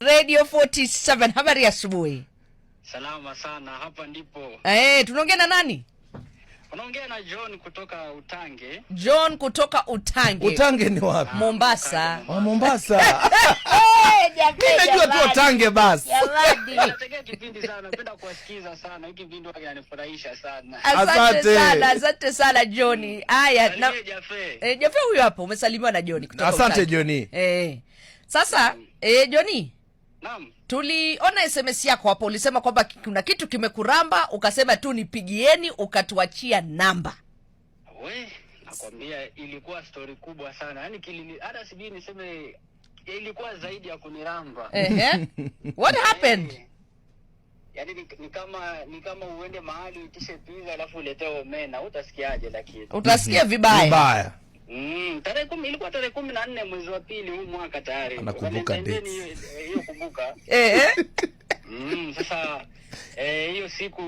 Radio 47 habari asubuhi. Salama sana, hapa ndipo. Eh, tunaongea na nani? Unaongea na John kutoka Utange. John kutoka Utange. Utange ni wapi? Mombasa. Wa ah, ah, Mombasa. Eh, Mimi najua tu Utange basi. Nategea kipindi sana, napenda kuwasikiza sana. Hiki kipindi huwa kinanifurahisha sana. Asante sana, asante sana John. Haya, na eh, Jafe huyo hapo umesalimiwa na John kutoka Asante John. Eh. Sasa, eh Johnny. Tuliona SMS yako hapo, ulisema kwamba kuna kitu kimekuramba, ukasema tu nipigieni, ukatuachia namba. We, nakwambia ilikuwa story kubwa sana. yani kilini hata sijui niseme ilikuwa zaidi ya kuniramba. Ehe. What happened? Yaani ni, ni kama ni kama uende mahali utishe pizza alafu uletee omena, utasikiaje lakini? Utasikia vibaya. Vibaya. Mm, tarehe kumi ilikuwa tarehe kumi na nne mwezi wa pili huu mwaka tayari. Anakumbuka dates. Hiyo kumbuka. Eh, eh. Mm, sasa eh, hiyo siku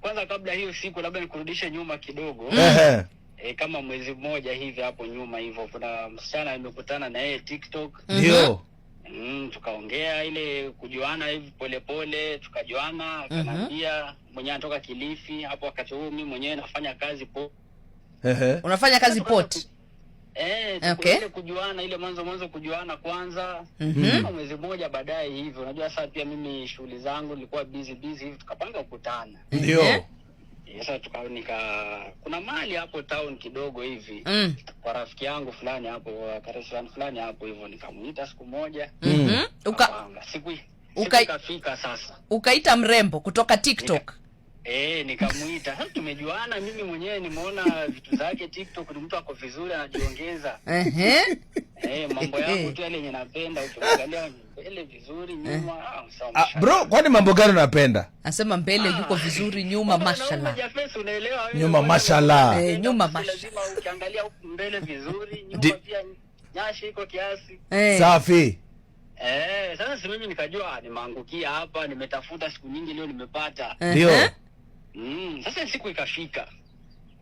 kwanza, kabla hiyo siku, labda nikurudishe nyuma kidogo. Eh. E, kama mwezi mmoja hivi hapo nyuma hivyo, kuna msichana nimekutana na yeye TikTok. Ndio. Mm, tukaongea ile kujuana hivi polepole, tukajuana, mhm. akaniambia mwenyewe anatoka Kilifi hapo, wakati huo mimi mwenyewe nafanya kazi po. Ehe. Unafanya kazi port? Eh, okay. Ile kujuana ile mwanzo mwanzo kujuana kwanza mm -hmm. Mwezi mmoja baadaye hivyo, unajua sasa pia mimi shughuli zangu nilikuwa busy busy hivi, tukapanga kukutana mhm. ndio mm -hmm. nika kuna mali hapo town kidogo hivi mm. Kwa rafiki yangu fulani hapo kwa fulani hapo hivyo, nikamuita siku moja mm Uka... siku, siku uka... sasa ukaita mrembo kutoka TikTok Nika... Eh, nikamuita. Sasa tumejuana mimi mwenyewe nimeona vitu zake TikTok ni mtu ako vizuri anajiongeza. Eh Eh, Eh, mambo yangu tu yale yenye napenda ukiangalia mbele vizuri nyuma. Eh. Ah, ah bro, kwani mambo gani unapenda? Anasema mbele yuko ah. vizuri nyuma mashallah. Nyuma mashallah. Eh, nyuma mashallah. Lazima Ukiangalia huku mbele vizuri nyuma pia nyashi iko kiasi. Eh. Safi. Eh, sasa mimi nikajua nimeangukia hapa, nimetafuta siku nyingi leo nimepata. Ndio. Uh -huh. Mm, sasa siku ikafika.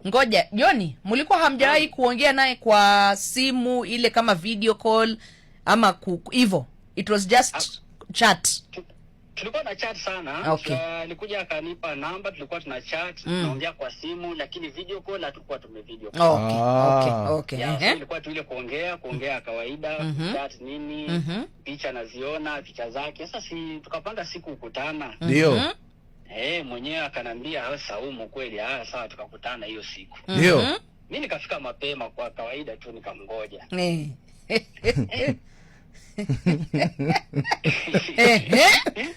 Ngoja Joni, mlikuwa hamjawahi mm. kuongea naye kwa simu ile kama video call ama hivyo? It was just As ah. chat. Tulikuwa na chat sana. Okay. Alikuja akanipa namba, tulikuwa tuna chat, mm. tunaongea kwa simu lakini video call hatukuwa tume video call. Okay. Ah. Okay. Okay. Yeah, so ilikuwa tu ile kuongea, kuongea kawaida, mm -hmm. chat nini, mm -hmm. picha naziona, picha zake. Sasa si tukapanga siku kukutana. Ndio. mm-hmm. Mm -hmm eh, mwenyewe akanambia wewe ah, Saumu kweli, ah sawa, tukakutana hiyo siku. Mm-hmm. Ndio. Mm -hmm. Mimi nikafika mapema kwa kawaida tu nikamngoja. Eh. Eh, eh.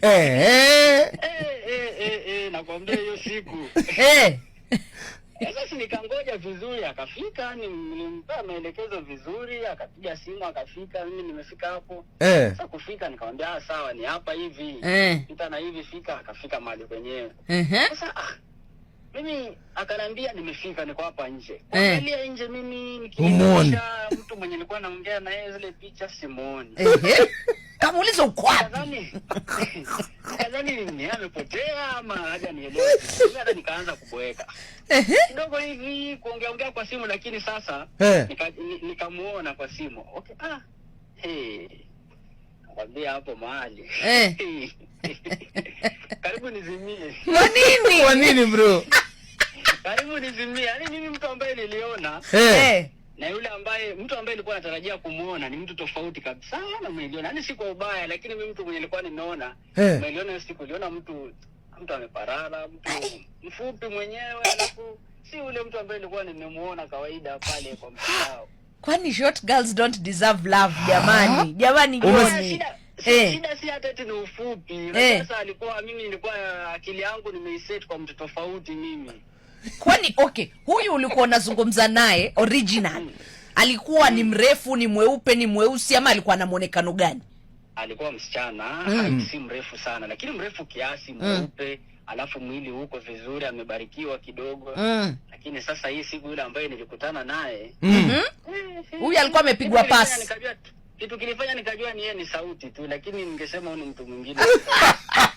Eh. Eh. Eh. Nakwambia hiyo siku. Eh. Sasa nikangoja vizuri, akafika, nilimpa maelekezo vizuri, akapiga simu, akafika. Mimi nimefika hapo eh. Sasa kufika, nikamwambia ah, sawa, ni hapa hivi eh. Pita na hivi fika, akafika mahali kwenyewe eh. Sasa ah, mimi akanambia nimefika, niko hapa nje, angalia eh. Nje mimi nikimwona mtu mwenye nilikuwa naongea na yeye zile picha simuoni eh. Kamuuliza uko wapi? Nadhani ni amepotea ama haja nielewe. Sasa nikaanza kuboeka. Ehe. Kidogo hivi kuongea ongea kwa simu lakini sasa nikamuona kwa simu. Okay. Ah. Nakwambia hapo mahali. Eh. Karibu nizimie. Kwa nini? Kwa nini bro? Karibu nizimie. Yaani mimi mtu ambaye niliona. Eh na yule ambaye mtu ambaye alikuwa natarajia kumuona ni mtu tofauti kabisa na umeliona, yani si kwa ubaya, lakini mimi mtu mwenye nilikuwa nimeona hey. siku niliona mtu mtu ameparala mtu mfupi mwenyewe, alafu si ule mtu ambaye nilikuwa nimemuona kawaida pale kwa mtandao. Kwani short girls don't deserve love jamani, jamani jioni Shida si hata eti ni ufupi. Sasa Alikuwa mimi nilikuwa akili yangu nimeiset kwa mtu tofauti mimi. Kwani okay, huyu ulikuwa unazungumza naye original alikuwa ni mrefu, ni mweupe, ni mweusi, ama alikuwa na mwonekano gani? Alikuwa msichana mm. si mrefu sana, lakini mrefu kiasi, mm. mweupe mm. alafu mwili uko vizuri, amebarikiwa kidogo mm. lakini sasa hii siku ile ambayo nilikutana naye mm eh, mm-hmm. huyu alikuwa amepigwa pasi kitu kilifanya nikajua ni yeye, ni sauti tu, lakini ningesema ni mtu mwingine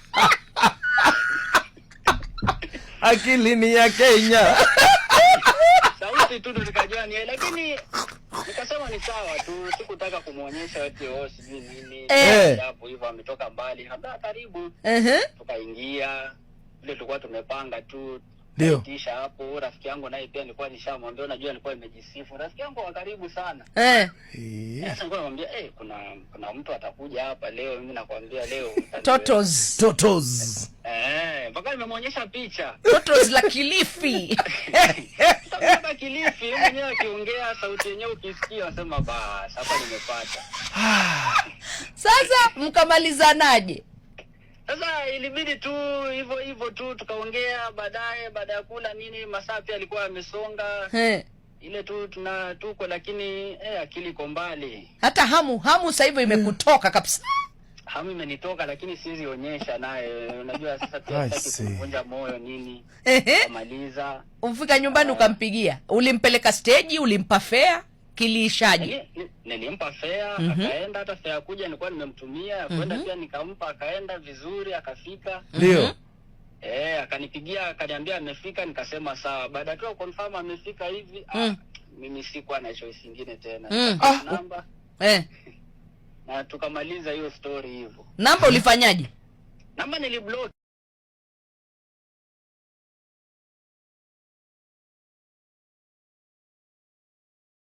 akili ni ya Kenya. Sauti tu nikajua ni lakini nikasema ni sawa tu, sikutaka kumuonyesha eti wao oh, sijui nini hapo eh. hivyo, ametoka mbali hata karibu, tukaingia vile tulikuwa tumepanga tu ndio. Kisha hapo rafiki yangu naye pia nilikuwa nishamwambia, unajua nilikuwa nimejisifu. Rafiki yangu wa karibu sana. Eh. eh. Sasa nilikuwa namwambia, eh, kuna kuna mtu atakuja hapa leo, mimi nakwambia leo. Totos. Totos. Eh, mpaka nimemwonyesha picha. Totos la Kilifi. Sasa Kilifi mwenyewe akiongea sauti yenyewe ukisikia unasema basi hapa nimepata. Sasa mkamalizanaje? Sasa ilibidi tu hivyo hivyo tu tukaongea, baadaye baada ya kula nini, masaa pia alikuwa amesonga hey. Ile tu tuna tuko lakini eh, akili iko mbali. Hata hamu hamu sasa hivyo imekutoka kabisa. Hamu imenitoka lakini siwezi onyesha naye, unajua sasa kuvunja moyo nini. Kamaliza. ufika nyumbani ah. ukampigia, ulimpeleka stage, ulimpa fare uwakilishaji. Nilimpa fea mm -hmm. Akaenda hata fea kuja nilikuwa nimemtumia mhm. kwenda mm -hmm. Pia nikampa akaenda vizuri akafika mhm. ndio mm -hmm. Eh, akanipigia akaniambia amefika, nikasema sawa. Baada tu confirm amefika hivi ah, mm. ah, Mimi sikuwa na choice nyingine tena mm. Ah, namba eh na tukamaliza hiyo story hivyo. Namba ulifanyaje? Namba niliblock.